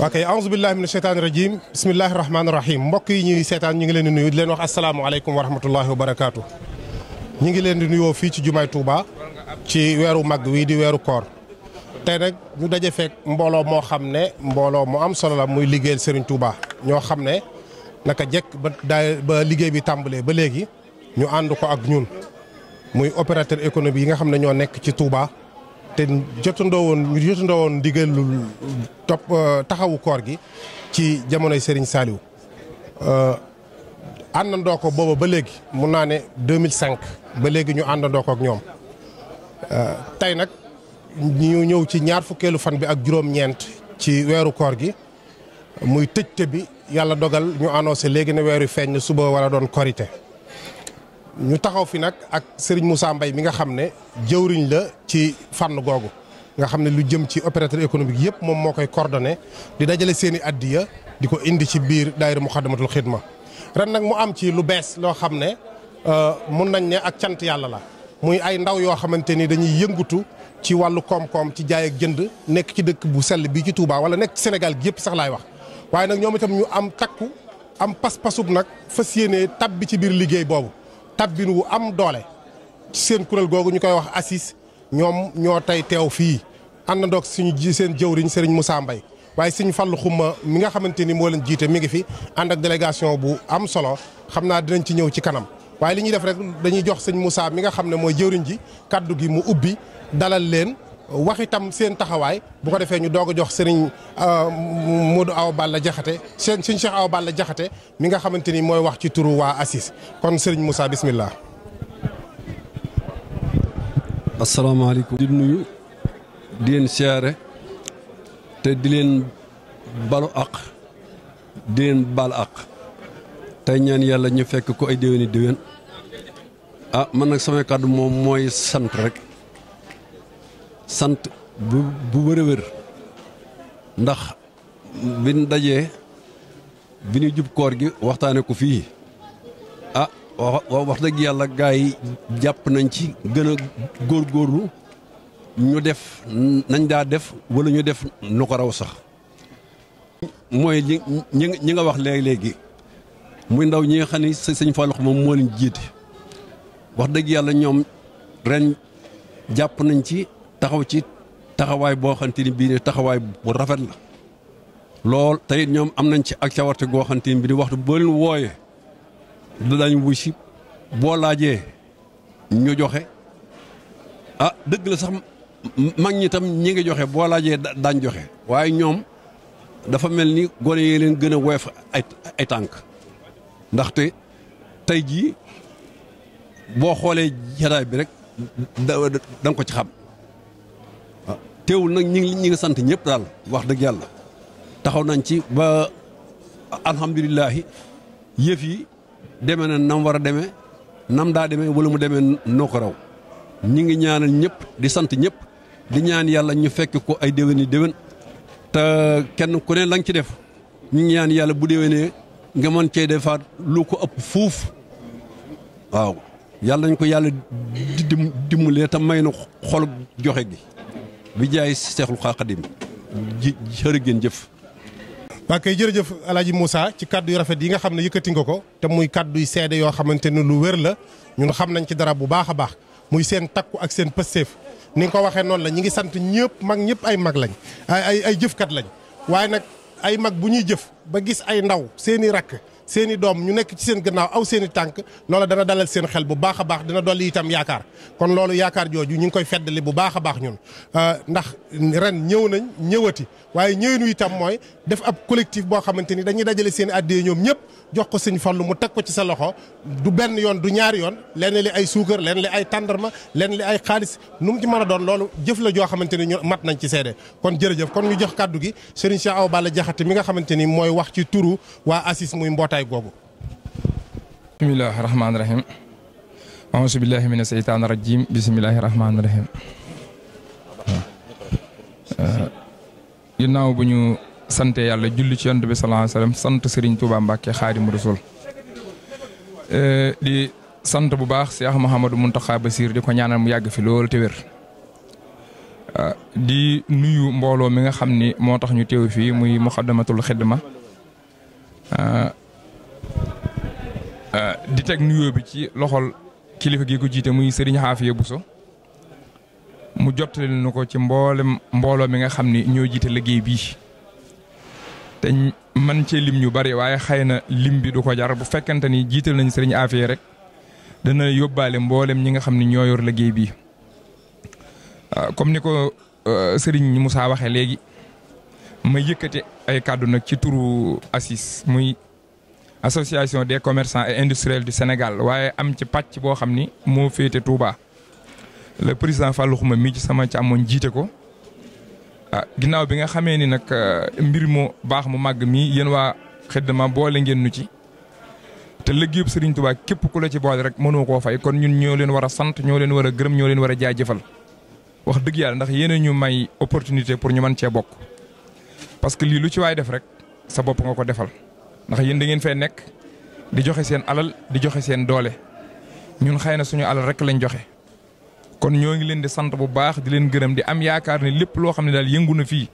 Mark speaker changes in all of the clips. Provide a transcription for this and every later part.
Speaker 1: ok aousubillahi mina sheytaani rajim bismillahi rahmaani rahim mbokk yi ñuy seetaan ñu ngi leen di nuyu di leen wax asalaamaaleykum wa rahmatullahi wa barakaatu ñu ngi leen di nuyoo fii ci jumaay Touba ci weeru mag wii di weeru koor te nag ñu daje fekk mbooloo moo xam ne mbooloo mu am solo la muy liggéeyal seriñ Touba ñoo xam ne naka jekk ba daa ba liggéey bi tàmbalee ba léegi ñu ànd ko ak ñun muy opérateur économique yi nga xam ne ñoo nekk ci Touba te jotandoo woon ñu jotandoo woon topp euh, taxawu koor gi ci jamonoy Serigne Saliou euh, àndandoo ko booba ba léegi mun naa ne 2005 ba léegi ñu àndandoo ko ak ñoom euh, tey nag ñu ñëw ci ñaar fukkeelu fan bi ak juróom-ñeent ci weeru koor gi muy tëjte bi yàlla dogal ñu annoncé léegi ne weer wi feeñ na suba wala doon korite ñu taxaw fi nag ak Serigne Moussa mbay mi nga xam ne jëwriñ la ci fànn googu nga xam ne lu jëm ci opérateur économique yëpp moom moo koy coordonné di dajale seeni i addiya di ko indi ci biir daayira Muxaddamatul Xidma ren nag mu am ci lu bees loo xam ne euh, mun nañ ne ak cant yàlla la muy ay ndaw yoo xamante ni dañuy yëngutu ci wàllu koom-koom ci jaay ak jënd nekk ci dëkk bu sell bi ci Touba wala nekk ci Sénégal gi yëpp sax laay wax waaye nag ñoom itam ñu am takku am pas-pasub nag fas yéenee tab bi ci biir liggéey boobu tabbin wu am doole seen kuréel googu ñu koy wax ACIS ñoom ñoo tey teew fii àndandoog suñu ji seen jëwriñ Serigne Moussa mbay waaye suñu fàllu xumma mi nga xamante ni moo leen jiite mi ngi fi ànd ak délégation bu am solo xam naa dinañ ci ñëw ci kanam waaye li ñuy def rek dañuy jox sëñ Moussa mi nga xam ne mooy jëwriñ ji kaddu gi mu ubbi dalal leen wax itam seen taxawaay bu ko defee ñu doog jox sëriñ euh, Modou Awa Balla Jaxate seen sëriñ Cheikh Awa Balla Jaxate mi nga xamante ni mooy wax ci turu waa
Speaker 2: ACIS kon sëriñ Moussa bismillah. asalaamaaleykum di nuyu di leen siyaare te di leen balu àq di leen baal àq tey ñaan yàlla ñu fekk ko ay déwéni déwén a ah, mën nag samay kàddu moom mooy sant rek. sant bu bu wër a wër ndax biñ dajee bi ñu jub koor gi waxtaane ko fii a ah, wax dëgg yàlla gaa yi jàpp nañ ci gën góor góorlu ñu def nañ daa def wala ñu def nu ko raw sax mooy li ñi nga wax léegi-léegi muy ndaw ñi nga xam ne sëñ Fallou moom moo leen jiite wax dëgg yàlla ñoom ren jàpp nañ ci taxaw ci taxawaay boo bii ne taxawaay bu rafet la lool te ñoom am nañ ci ak cawarte goo bi ni bii di waxtu boo leen wooyee danañ wu si boo laajee ñu joxe a ah, dëgg la sax mag ñi tam ñi ngi joxe boo laajee daañ joxe waaye ñoom dafa mel ni gone yee leen gën a woyof ay tànk ndaxte tey jii boo xoolee jataay bi rek da nga ko ci xam teewul nag ñi ngi ñi sant ñëpp daal wax dëgg yàlla taxaw nañ ci ba alhamdulilahi yëf yi deme na nam war a demee nam daa demee wala mu demee noo ko raw ñi ngi ñaanal ñëpp di sant ñëpp di ñaan yàlla ñu fekk ko ay déwéni déwén te kenn ku ne la ci def ñu ñaan yàlla bu déwénee nga mën cee defaat lu ko ëpp fuuf waaw yàlla nañ ko yàlla dimbalee te may na xol joxe gi bi jaay Seexul Xaadim jërë ngeen jëf.
Speaker 1: waa kay jërëjëf El Hadj Moussa ci kàddu yu rafet yi nga xam ne yëkkati nga ko te muy kàddu yu seede yoo xamante ne lu wér la ñun xam nañ ci dara bu baax a baax muy seen takku ak seen pësteef ni nga ko waxee noonu la ñi ngi sant ñëpp mag ñëpp ay mag lañ ay ay ay jëfkat lañ waaye nag ay mag bu ñuy jëf ba gis ay ndaw seeni rakk. seen i doom ñu nekk ci seen gannaaw aw seeni tànk loola dana dalal seen xel bu baax a baax dina dolli tam yaakaar kon loolu yaakaar jooju ñu ngi koy feddali bu baax baax ñun euh, ndax ren ñëw nañ ñëwati waaye ñëwenu itam mooy def ab collectif boo xamante ni dañuy dajale seeni i àddee ñoom ñëpp jox ko sëñ Fallu mu teg ko ci sa loxo du benn yoon du ñaari yoon lenn li ay suukar lenn li ay tàndarma lenn li ay xaalis nu mu ci mën a doon loolu jëf la joo xamante ni ñu mat nañ ci seede kon jërëjëf kon ñu jox kàddu gi Serigne Cheikh Awa Balla mi nga xamante ni mooy wax ci turu waa ACIS muy mbootaay jotaay googu.
Speaker 3: bismillaahi rahmaani rahiim. billaahi mina seytaani rajiim bismillaahi rahmaani rahiim. ginnaaw bu ñu sante yàlla julli ci yonent bi sallallaahu alayhi wa sallam sant Serigne Touba Mbacke di sant bu baax Cheikh Mouhamadou Mountakha Bassir di ko ñaanal mu yàgg fi lool te wér. di nuyu mbooloo mi nga xam ni moo tax ñu teew fii muy muxaddamatul xidma Euh, di teg nuyoo bi ci loxol kilifa gi ko jiite muy Serigne bu so mu jottali ko ci mboolem mbooloo mi nga xam ni ñoo jiite liggéey bii te man cee lim ñu bari waaye xëy na lim bi du ko jar bu fekkente ni jiital nañ Serigne Xaafiya rek dana yóbbaale mboolem ñi nga xam ni ñoo yor liggéey bii euh, comme ni ko euh, Serigne Moussa waxee léegi ma yëkkati ay kàddu nag ci turu Assis muy. association des commerçants et industriels du Sénégal waaye am ci pàcc boo xam ni moo féete Touba le président Fallou Khouma mii ci sama càmmoñ jiite ko ah ginnaaw bi nga xamee ni nag euh, mbir mu baax mu màgg mii yéen waa Xidma boole ngeen nu ci. te liggéeyub Serigne Touba képp ku la ci boole rek mënoo koo fay kon ñun ñoo leen war a sant ñoo leen war a gërëm ñoo leen war a jaajëfal wax dëgg yàlla ndax yeneen ñu may opportunité pour ñu mën cee bokk parce que lii lu ci waay def rek sa bopp nga ko defal. ndax yéen da ngeen fee nekk di joxe seen alal di joxe seen doole ñun xëy na suñu alal rek lañ joxe. kon ñoo ngi leen di sant bu baax di leen gërëm di am yaakaar ne lépp loo xam ne daal yëngu na fii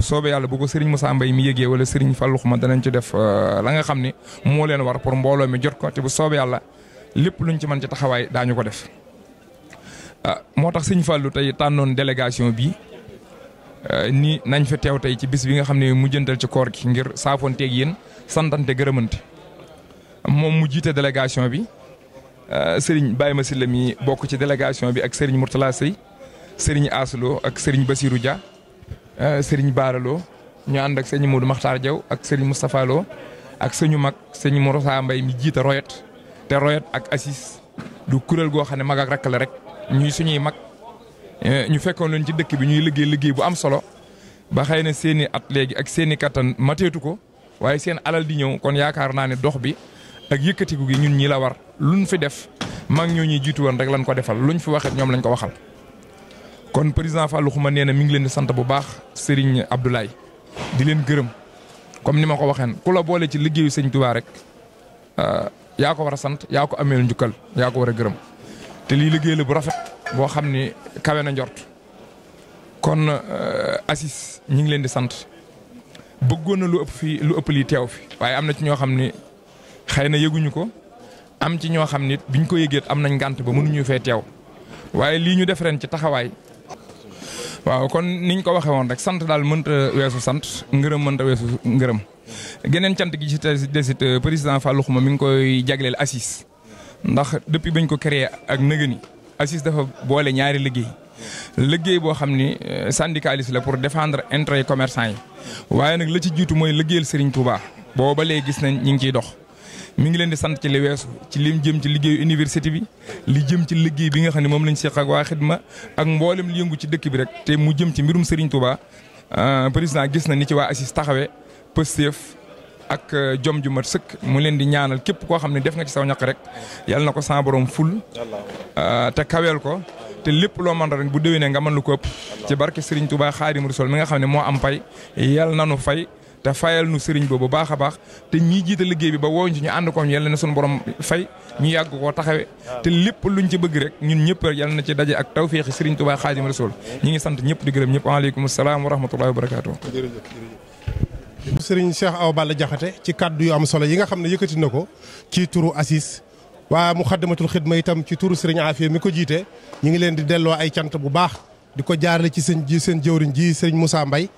Speaker 3: soobe yàlla bu ko Serigne Moussa mbay mi yëgee wala Serigne Fallou Khouma danañ ci def euh, la nga xam ni moo leen war pour mbooloo mi jot ko te bu soobe yàlla lépp luñ ci mën ci taxawaay daañu ko def. Ah, moo tax Serigne Fallou tey tànnoon délégation bii Euh, nii nañ fi teew tey ci bis bi nga xam ne mujjantal ci koor gi ngir saafonteeg yéen santante gërëmante moom mu jiite délégation bi euh, Serigne Baye Massila mi bokk ci délégation bi ak Serigne Mourtala Sey Serigne Aslo ak Serigne Basirou Dia euh, Serigne Baaralo ñu ànd ak sëñ Modou Makhtar Diaw ak Serigne Moustapha Lo ak sëñu mag sëñ Morosa Mbay mi jiite royet te royet ak assis du kuréel goo xam ne mag ak rakk rek ñuy suñuy mag. Eh, ñu fekkoon leen ci dëkk bi ñuy liggéey liggéey bu am solo ba xëy na seen i at léegi ak seen i kattan mateetu ko waaye seen alal di ñëw kon yaakaar naa ne dox bi ak yëkkatiku gi ñun ñii la war luñ fi def mag ñoo ñuy jiitu woon rek lañ ko defal luñ fi waxee ñoom lañ ko waxal. kon président Fallou Khouma nee na mi ngi leen di sant bu baax Serigne Abdoulaye di leen gërëm comme ni ma ko waxeen ku la boole ci liggéeyu sëñ Touba rek euh, yaa ko war a sant yaa ko ameel njukkal yaa ko war a gërëm rafet. boo xam ni kawe na njort kon euh, Assis ñi ngi leen di sant bëggoon na lu ëpp fii lu ëpp lii teew fi waaye am na ci ñoo xam ni xëy na yëguñu ko am ci ñoo xam ni biñ ko yëgeet am nañ ngànt ba mënuñu fee teew waaye lii ñu def ren ci taxawaay. waaw kon niñ ko waxee woon rek sant daal mënta weesu sant ngërëm mënta weesu ngërëm geneen cant gi ci desit euh, président Fallou Khouma mi ngi koy jagleel Assis ndax depuis bañ ko créé ak nëgëni ACIS dafa boole ñaari liggéey liggéey boo xam ni euh, syndicaliste la pour defendre défendre yi commerçant yi waaye nag la ci jiitu mooy liggéeyal Serigne Touba booba ba léegi gis nañ ñu ngi ciy dox. mu ngi leen di sant ci li weesu ci lim jëm ci liggéeyu université bi li jëm ci liggéey bi nga xam ne moom lañ seq ak waa xidma ak mboolem li yëngu ci dëkk bi rek te mu jëm ci mbirum Serigne Touba euh, président gis na ni ci waa assis taxawe Pastef ak euh, jom ju mat sëkk mu leen di ñaanal képp koo xam ne def nga ci saw ñaq rek yal na ko sa borom ful euh, te kaweel ko te lépp loo mën rek bu déwénee nga mën lu ko ëpp ci barke Serigne Touba Xaadimu Rasuul mi nga xam ne moo am pay yàlla na nu fay te fayal nu sëriñ boobu baax a baax te ñii jiite liggéey bi ba wooñ ci ñu ànd ko yàlla na suñu borom fay ñu yàgg koo taxawe te lépp luñ ci bëgg rek ñun ñëpp rek yàlla na ci daje ak tawféexi sëriñ Tuubaa Xaadimu Rasuul ñi ngi sant ñëpp di gërëm ñëpp waaleykum salaam wa rahmatullahi wa barakaatu
Speaker 1: sëriñ Cheikh aw Balla jaxate ci kàddu yu am solo yi nga xam ne yëkkati na ko ci turu ACIS waa Muxaddamatul Xidma itam ci turu sëriñ Afia mi ko jiite ñu ngi leen di delloo ay cant bu baax di ko jaarale ci seen ji seen jëwriñ ji sëriñ Moussa mbay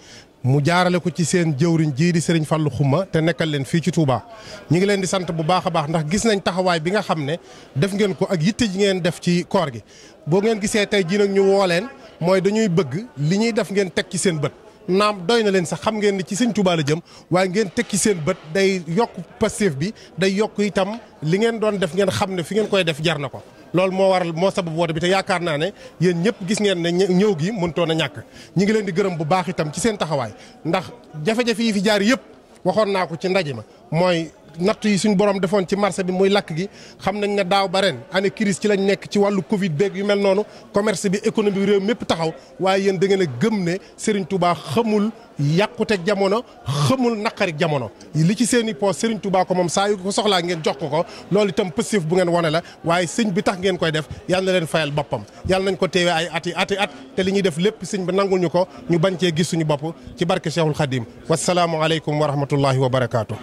Speaker 1: mu jaarale ko ci seen jëwriñ jii di sëriñ Fallou Xuma te nekkal leen fii ci tuubaa ñu ngi leen di sant bu baax a baax ndax gis nañ taxawaay bi nga xam ne def ngeen ko ak yitte ji ngeen def ci koor gi boo ngeen gisee tey jii nag ñu leen mooy dañuy bëgg li ñuy def ngeen teg ci seen bët naam doy na leen sax xam ngeen di ci sëñ Tuubaa jëm waaye ngeen tekki seen bët day yokk Pastef bi day yokk itam li ngeen doon def ngeen xam ne fi ngeen koy def jar na ko loolu moo waral moo sabab woote bi te yaakaar naa ne yéen ñëpp gis ngeen ne ñëw gi mënutoon na ñàkk ñi ngi leen di gërëm bu baax itam ci seen taxawaay ndax jafe-jafe yi fi jaar yëpp waxoon naa ko ci ndaje ma mooy natt yi suñu borom defoon ci marché bi muy lakk gi xam nañ ne daaw ba ren année crise ci lañ nekk ci wàllu Covid beeg yu mel noonu commerce bi économie réew mépp taxaw waaye yéen da ngeen a gëm ne Serigne Touba xamul yàquteg jamono xamul naqari jamono. li ci seen i poos Serigne Touba ko moom saa yu ko soxlaa ngeen jox ko ko loolu itam positif bu ngeen wane la waaye sëñ bi tax ngeen koy def yàlla na leen fayal boppam yàlla nañ ko teewee ay at yi at at te li ñuy def lépp sëñ bi nangul ñu ko ñu bañ cee gis suñu bopp ci barke Cheikhul Khadim wasalaamualeykum wa rahmatullahi wa barakaatu.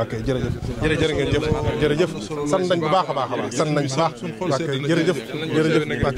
Speaker 1: ok jërëjëf jërëjëf jërëjëf sant nañ bu baax a baax a baax sant nañ bu baax ok jërëjëf